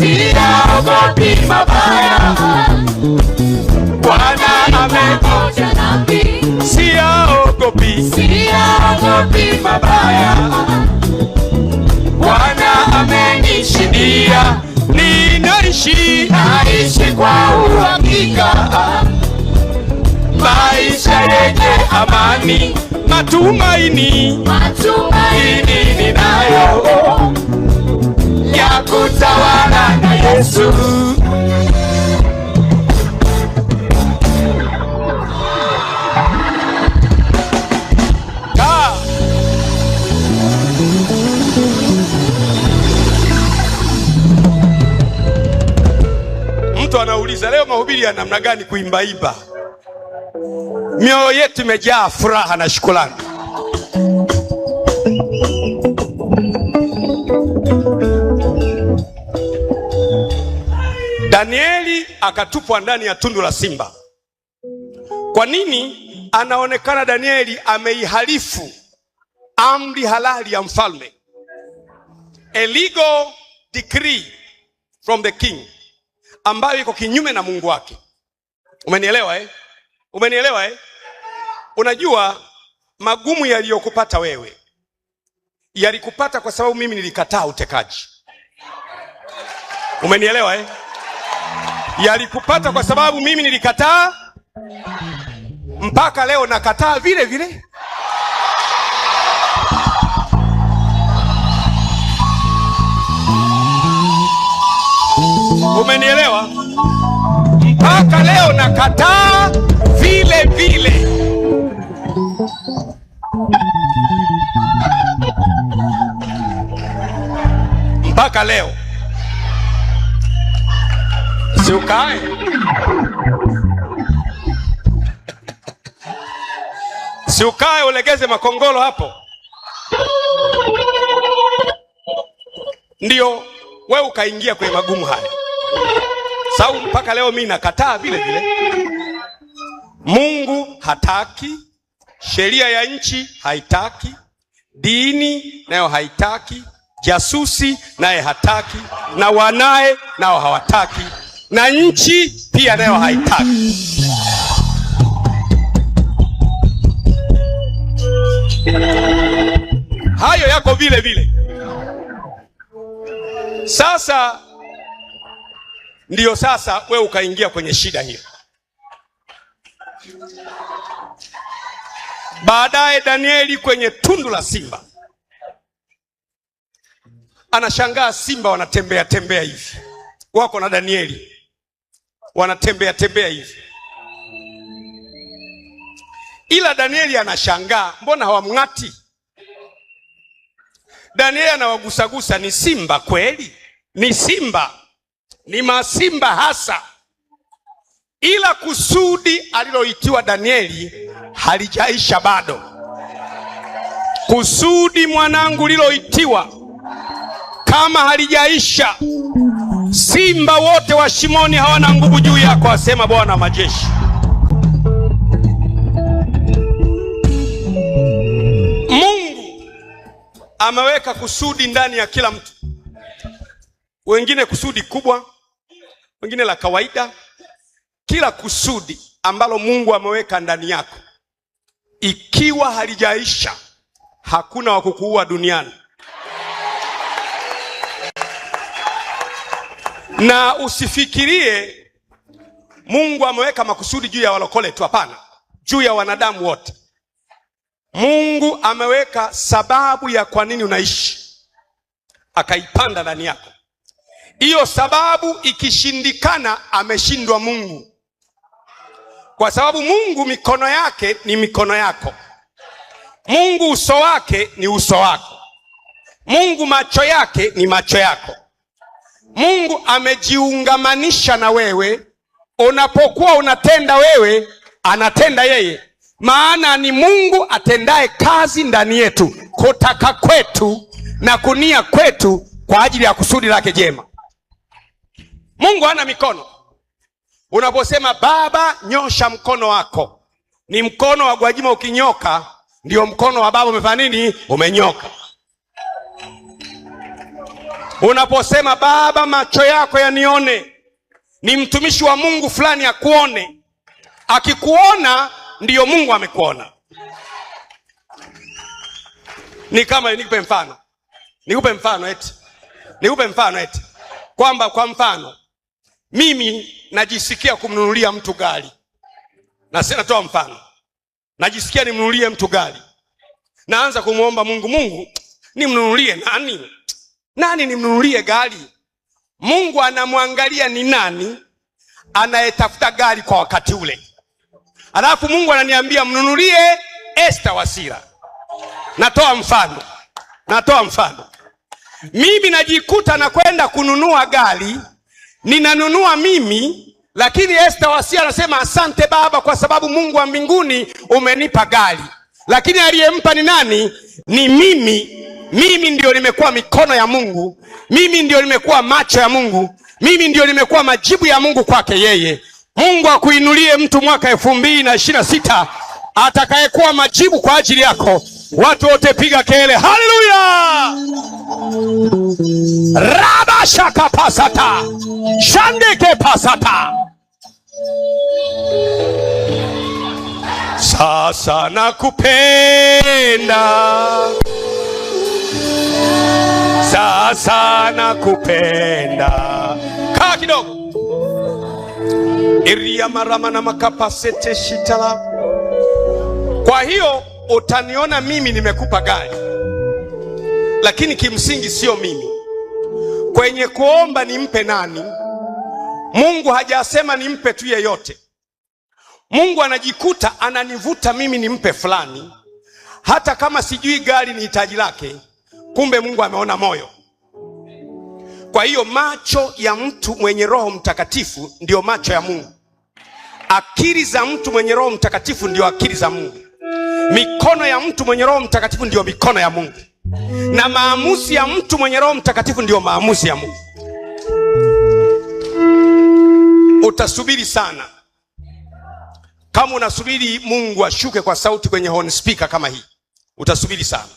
Siyaogopi mabaya, Bwana nami. Siyaogopi, siyaogopi mabaya, Bwana Ninaishi, naishi kwa uhakika, maisha yenye amani, matumaini, matumaini nina Yesu. Mtu anauliza leo mahubiri ya namna gani? Kuimbaimba, mioyo yetu imejaa furaha na shukrani. Danieli akatupwa ndani ya tundu la simba. Kwa nini anaonekana Danieli ameihalifu amri halali ya mfalme? A legal decree from the king ambayo iko kinyume na Mungu wake. Umenielewa eh? Umenielewa eh? Unajua magumu yaliyokupata wewe yalikupata kwa sababu mimi nilikataa utekaji. Umenielewa eh? yalikupata kwa sababu mimi nilikataa, mpaka leo nakataa vile vile. Umenielewa? Mpaka leo nakataa vile vile. Mpaka leo si ukae si ukae ulegeze makongolo hapo, ndio we ukaingia kwenye magumu haya. Sababu mpaka leo mi nakataa vile vile, Mungu hataki, sheria ya nchi haitaki, dini nayo haitaki, jasusi naye hataki, na wanaye nao hawataki na nchi pia nayo haitaki. Hayo yako vile vile. Sasa ndiyo, sasa we ukaingia kwenye shida hiyo. Baadaye Danieli kwenye tundu la simba anashangaa, simba wanatembea tembea hivi, wako na Danieli wanatembea tembea hivi, ila Danieli anashangaa, mbona hawamng'ati? Danieli anawagusagusa, ni simba kweli, ni simba, ni masimba hasa, ila kusudi aliloitiwa Danieli halijaisha bado. Kusudi mwanangu liloitiwa kama halijaisha Simba wote wa Shimoni hawana nguvu juu yako, asema Bwana majeshi. Mungu ameweka kusudi ndani ya kila mtu, wengine kusudi kubwa, wengine la kawaida. Kila kusudi ambalo Mungu ameweka ndani yako, ikiwa halijaisha, hakuna wa kukuua duniani. na usifikirie Mungu ameweka makusudi juu ya walokole tu, hapana, juu ya wanadamu wote. Mungu ameweka sababu ya kwa nini unaishi, akaipanda ndani yako. Hiyo sababu ikishindikana, ameshindwa Mungu, kwa sababu Mungu mikono yake ni mikono yako, Mungu uso wake ni uso wako, Mungu macho yake ni macho yako. Mungu amejiungamanisha na wewe. Unapokuwa unatenda wewe, anatenda yeye, maana ni Mungu atendaye kazi ndani yetu, kutaka kwetu na kunia kwetu kwa ajili ya kusudi lake jema. Mungu hana mikono. Unaposema Baba, nyosha mkono wako, ni mkono wa Gwajima ukinyoka, ndio mkono wa Baba umefanya nini? Umenyoka. Unaposema Baba, macho yako yanione, ni mtumishi wa Mungu fulani akuone. Akikuona ndiyo Mungu amekuona. Ni kama nikupe mfano, nikupe mfano eti, nikupe mfano eti kwamba kwa mfano mimi najisikia kumnunulia mtu gari, na sina natoa mfano, najisikia nimnunulie mtu gari, naanza kumwomba Mungu, Mungu nimnunulie nani? nani nimnunulie gari? Mungu anamwangalia ni nani anayetafuta gari kwa wakati ule, alafu Mungu ananiambia mnunulie esta Wasira. Natoa mfano, natoa mfano. Mimi najikuta nakwenda kununua gari, ninanunua mimi lakini esta Wasira anasema asante Baba, kwa sababu Mungu wa mbinguni umenipa gari lakini aliyempa ni nani? Ni mimi. Mimi ndio nimekuwa mikono ya Mungu, mimi ndio nimekuwa macho ya Mungu, mimi ndio nimekuwa majibu ya Mungu kwake yeye. Mungu akuinulie mtu mwaka elfu mbili na ishirini na sita atakayekuwa majibu kwa ajili yako. Watu wote piga kelele, haleluya! rabashaka pasata shandeke pasata sasa nakupenda, sasa nakupenda. Kaa kidogo iria marama na sete shitala. Kwa hiyo utaniona mimi nimekupa gari, lakini kimsingi sio mimi. Kwenye kuomba nimpe nani? Mungu hajasema nimpe tu yeyote. Mungu anajikuta ananivuta mimi nimpe fulani, hata kama sijui gari ni hitaji lake, kumbe Mungu ameona moyo. Kwa hiyo macho ya mtu mwenye Roho Mtakatifu ndiyo macho ya Mungu. Akili za mtu mwenye Roho Mtakatifu ndiyo akili za Mungu. Mikono ya mtu mwenye Roho Mtakatifu ndiyo mikono ya Mungu, na maamuzi ya mtu mwenye Roho Mtakatifu ndiyo maamuzi ya Mungu. Utasubiri sana. Kama unasubiri Mungu ashuke kwa sauti kwenye horn speaker kama hii, utasubiri sana.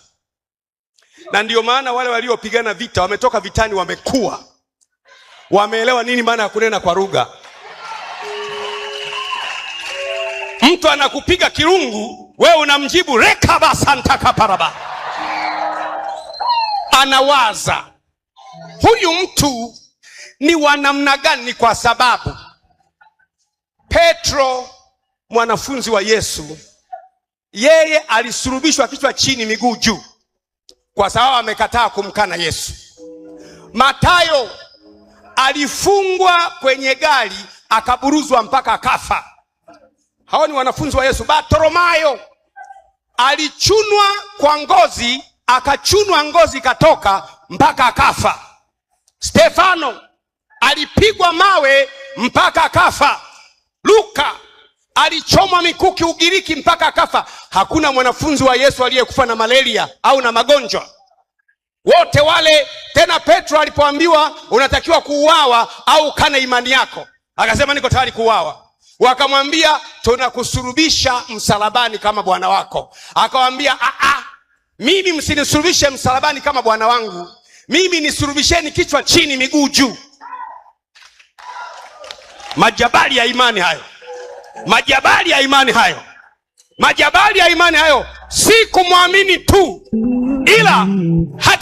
Na ndiyo maana wale waliopigana vita wametoka vitani, wamekuwa wameelewa nini maana ya kunena kwa lugha. Mtu anakupiga kirungu, wewe unamjibu rekaba santakaparaba, anawaza huyu mtu ni wa namna gani? Kwa sababu Petro mwanafunzi wa Yesu, yeye alisulubishwa kichwa chini miguu juu, kwa sababu amekataa kumkana Yesu. Matayo alifungwa kwenye gari akaburuzwa mpaka akafa. Hao ni wanafunzi wa Yesu. Bartolomayo alichunwa kwa ngozi, akachunwa ngozi ikatoka mpaka akafa. Stefano alipigwa mawe mpaka akafa. Luka alichomwa mikuki Ugiriki mpaka akafa. Hakuna mwanafunzi wa Yesu aliyekufa na malaria au na magonjwa wote wale. Tena Petro alipoambiwa unatakiwa kuuawa au kana imani yako, akasema niko tayari kuuawa. Wakamwambia tunakusulubisha msalabani kama bwana wako. Akawambia aa, ah, ah, mimi msinisulubishe msalabani kama bwana wangu, mimi nisulubisheni kichwa chini, miguu juu. Majabali ya imani hayo. Majabali ya imani hayo, majabali ya imani hayo si kumwamini tu, ila hata